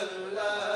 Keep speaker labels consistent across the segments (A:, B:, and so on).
A: la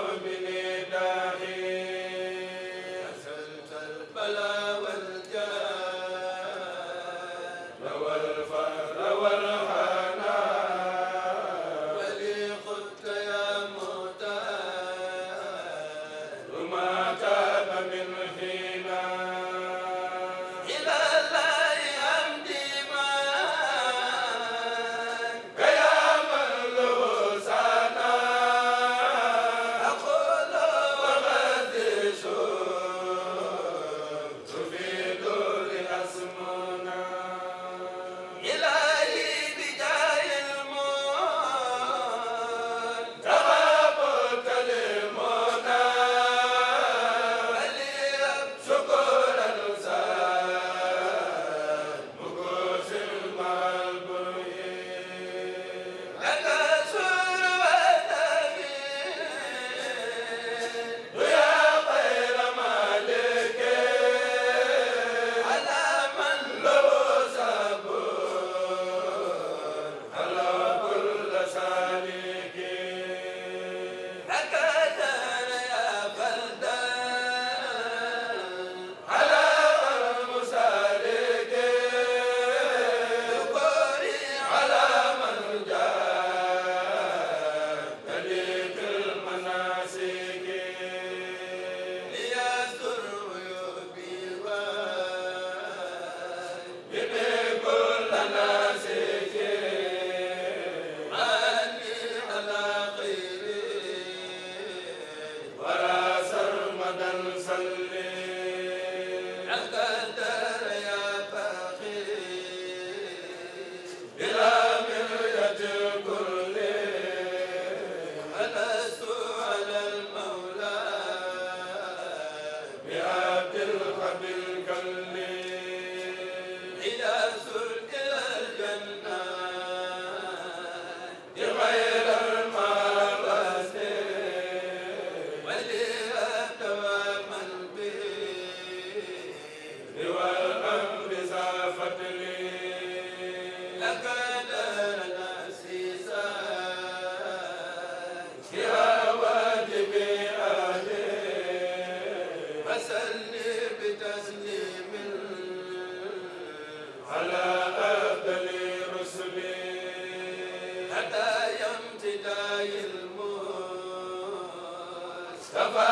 A: dafa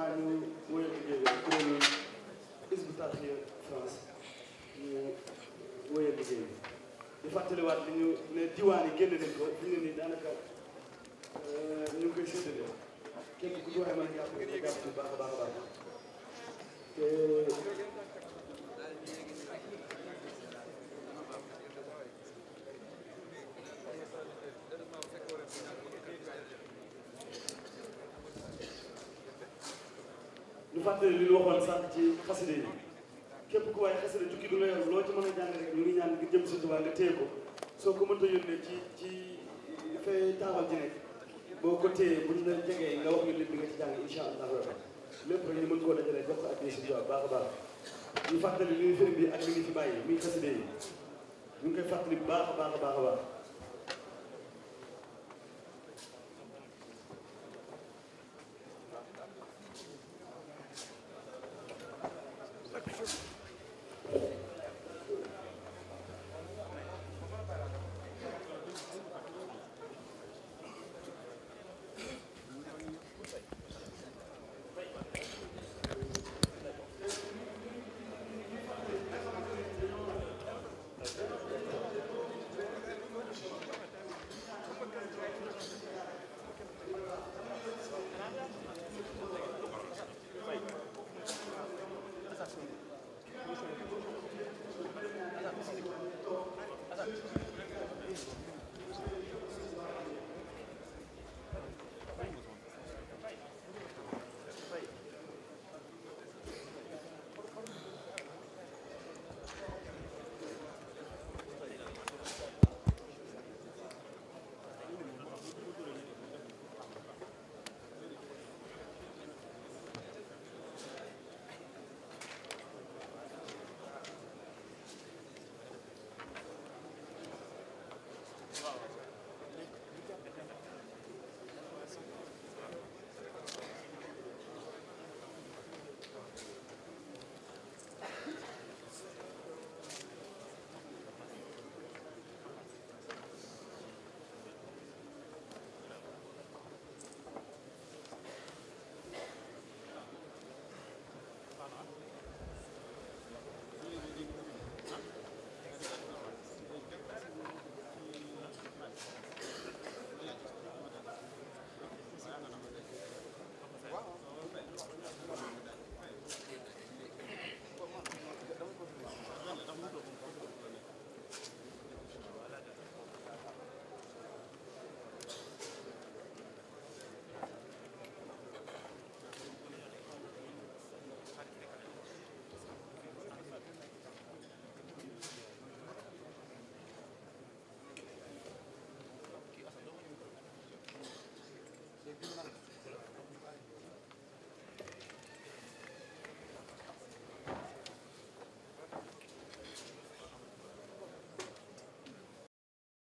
A: naa ñu woy liggéey kuréelu Hizbut Tarqiyyah France ñu woyal liggéey bi di fàttaliwaat li ñu ne diwaan yi génn nañ ko fi ñu ne nii daanaka euh, ñu ngi koy séddale kenn ku ci waxee mën a jàpp nga jàpp bu baax baax baax fàttali li ñu waxoon sànq ci xasida yi képp ku waaye xasida jukki du la yor loo ci mën a jàng rek ngi ñaan nga jëm si Tuubaa nga téye ko soo ko mënta yónnee ci ci dafay taabal ji nekk boo ko téye buñ la jegee nga wax ñu lépp nga ci jàng incha allah lépp rek ñu mën koo ko addi si Tuubaa baax a baax ñu muy xasida yi ñu ngi koy fàttali bu baax a baax baax baax